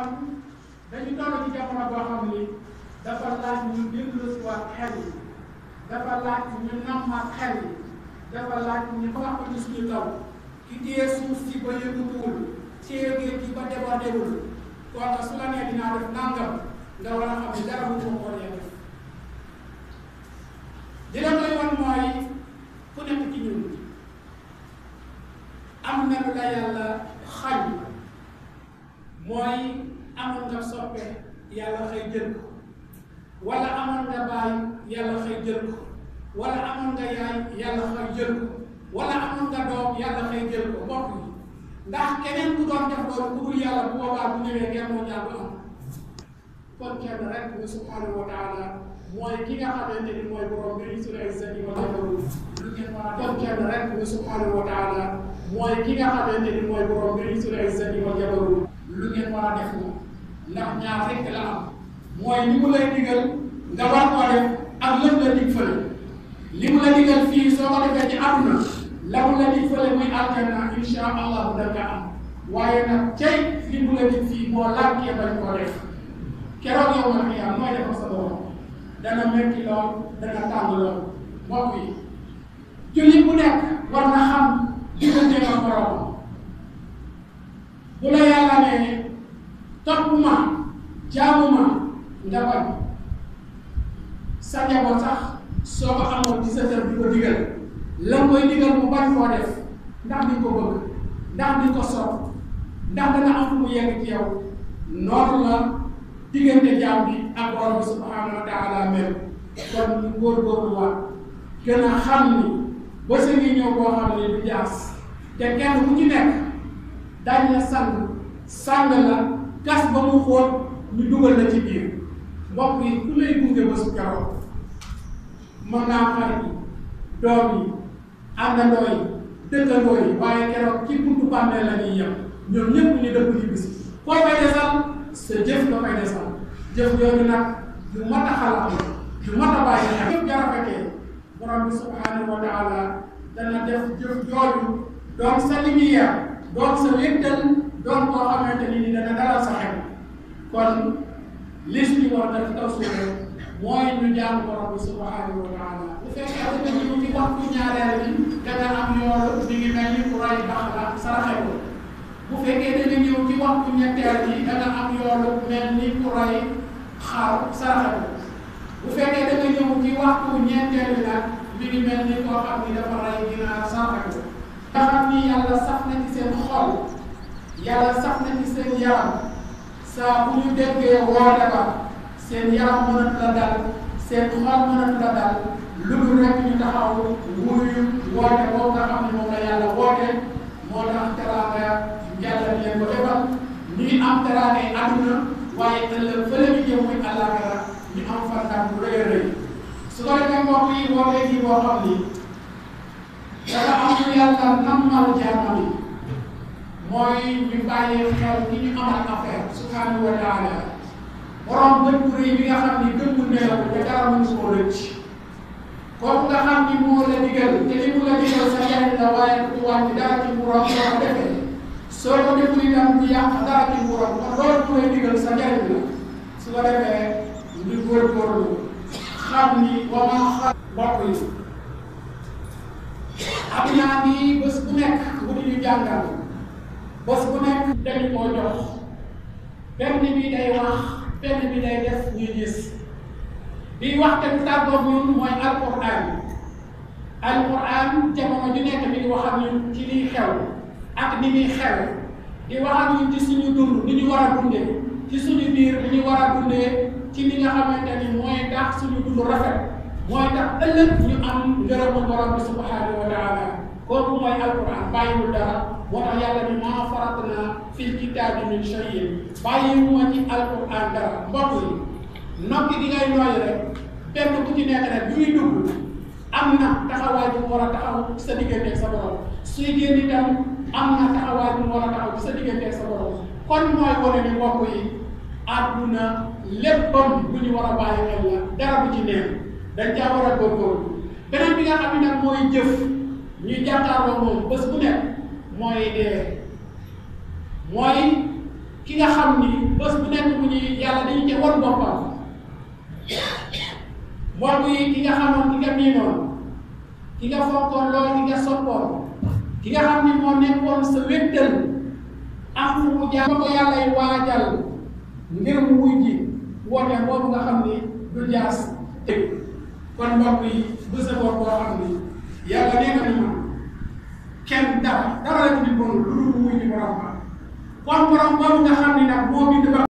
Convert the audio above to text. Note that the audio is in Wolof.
xam dañu toll ci jamono boo xam ni dafa laaj ñu dellusiwaat xel yi dafa laaj ñu nammaat xel yi dafa laaj ñu fàq ci suñu taw ki téye suuf si ba yënguwul téye géej gi ba débordewul kon su la nee dinaa def nangam nga war a xam ne dara bu ko xoolee def li la koy wan mooy ku nekk ci ñun am na lu la yàlla xëy jël ko wala amoon nga baay yàlla xëy jël ko wala amoon nga yaay yàlla xëy jël ko wala amoon nga doom yàlla xëy jël ko mbokk yi ndax keneen ku doon def loolu ku dul yàlla bu boobaa bu ñëwee kenn moo ñaar am kon kenn rek bi subhanahu wa taala mooy ki nga xamante ni mooy borom bi isul izzati wa jabaru kon kenn rek bi subhanahu wa taala mooy ki nga xamante ni mooy borom bi isul izzati wa jabaru lu ngeen war a def ndax ñaar rek la am mooy li mu lay digal nga war koo def ak lëm la dig fële li mu la digal fii soo ko defee ci la mu la dig fële muy insha allah da nga am waaye nag cay li mu la dig fii moo làkkee bañ koo def keroog yow ma xiyaam mooy defal sa borom dana metti lool dana tàng lool mbokk yi bu nekk war na xam borom bu la yàlla nee toppuma jaamuma ndabal sañe njaboot sax soo ko amoon ci sa sër di ko digal la koy digal mu bañ koo def ndax di ko bëgg ndax di ko sopp ndax dana am mu yegg ci yow noonu la diggante jaam bi ak borom bi subhanahu wa taala mel kon ñu góorgóorlu waat gën a xam ni ba sa ngi ñëw boo xam ni du jaas te kenn ku ci nekk dañ la sang sang la gas ba mu xool ñu dugal la ci biir mbokk yi ku lay gunge ba su keroog mën naa xar yi doom yi àndandoo yi dëkkandoo yi waaye keroog ci buntu bàmmee la ñuy yem ñoom ñëpp ñu dëkk ci bis koo fay desal sa jëf nga fay desal jëf yooyu nag yu mat a xalaat yu mat a bàyyi xel yëpp jara fekkee borom bi subhanahu wa taala dana def jëf jooju doom sa lumière doom sa wéttal doon koo xamante ni ni dana dalal sa xel kon lis ñu war def taw suuf mooy ñu jaamu borom bi subhanahu wa taala bu fekkee dañu ñu ci waxtu ñaareel bi danga am yoon mi ngi mel ni ku ray baax la saraxe ko bu fekkee danga ñëw ci waxtu ñetteel bi danga am yoon mel ni ku ray xaar saraxe ko bu fekkee danga ñëw ci waxtu ñeenteel bi nag mi ngi mel ni koo xam ni dafa ray ginaar saraxe ko nga xam ni yàlla sax na ci seen xol yàlla sax na ci seen yaram saa bu ñu déggee woote ba seen yaram mënatu la dal seen xol mënatu la dal lu dul rek ñu taxaw wuyu woote boobu nga xam ne moom la yàlla woote moo tax teraanga yàlla di leen ko am teraanga waaye ëllëg fële ñu jëm muy àllaaxira ñu am fantaan bu rëy a rëy su ko yi wootee kii boo xam ni am lu yàlla nammal jaamam yi Moy ñu bàyyee xel ki ñu amal affaire subhanahu wa taala borom bët bu rëy bi nga xam ni gëm bu neew te dara mënu koo rëcc kooku nga xam ni moo la digal te li mu la digal sa njariñ la waaye du wàññi dara ci borom boo ko defee soo ko deful itam ci lay sa la su ko ñu xam ni wa ma xam yi bu nekk bu ñu bos bu nekk dañ koo jox benn bi day wax benn bi day def ñu gis bi wax tam tàggoog ñun moy alquran alquran jamono ju nekk mi ngi wax ak ñu ci li xew ak ni mi xew di wax ak ñu ci suñu dund ni ñu wara dundé ci suñu bir ni ñu wara dundé ci li nga xamanteni moy tax suñu dund rafet moy tax ëlëk ñu am ngërëmu borom subhanahu wa taala ko moy alquran bàyyiwul dara moo tax yàlla ni maa farat naa fil kitaabi min shay'in bàyyiwuma ci alquran dara mbokk yi nokki di ngay nooyu rek benn ku ci nekk rek bu muy dugg am na taxawaay bu war a taxaw sa digganteeg sa borom suy génn itam am na taxawaay bu war a taxaw sa digganteeg sa borom kon mooy wane ni mbokk yi àdduna léppam bu ñu war a bàyyi xel la dara bu ci neex dañ caa war a góorgóorlu beneen bi nga xam ne nag mooy jëf ñu jàkkaarloo moom bés bu nekk. mooy dee mooy ki nga xam ni bés bu nekk bu ñuy yàlla dañu ci wan boppam mooy muy ki nga xamoon ki nga miinoon ki nga fonkoon lool ki nga soppoon ki nga xam ni moo nekkoon sa wéttal am fu mu jaar ko ay waajal ngir mu wuy ji wone boobu nga xam ni du jaas tëg kon mbokk yi bés a boo xam ni yàlla nee na ñu kenn dara dara la ci nit moom lu dul wuy di borom ba kon borom boobu nga xam ne nag moo bind ba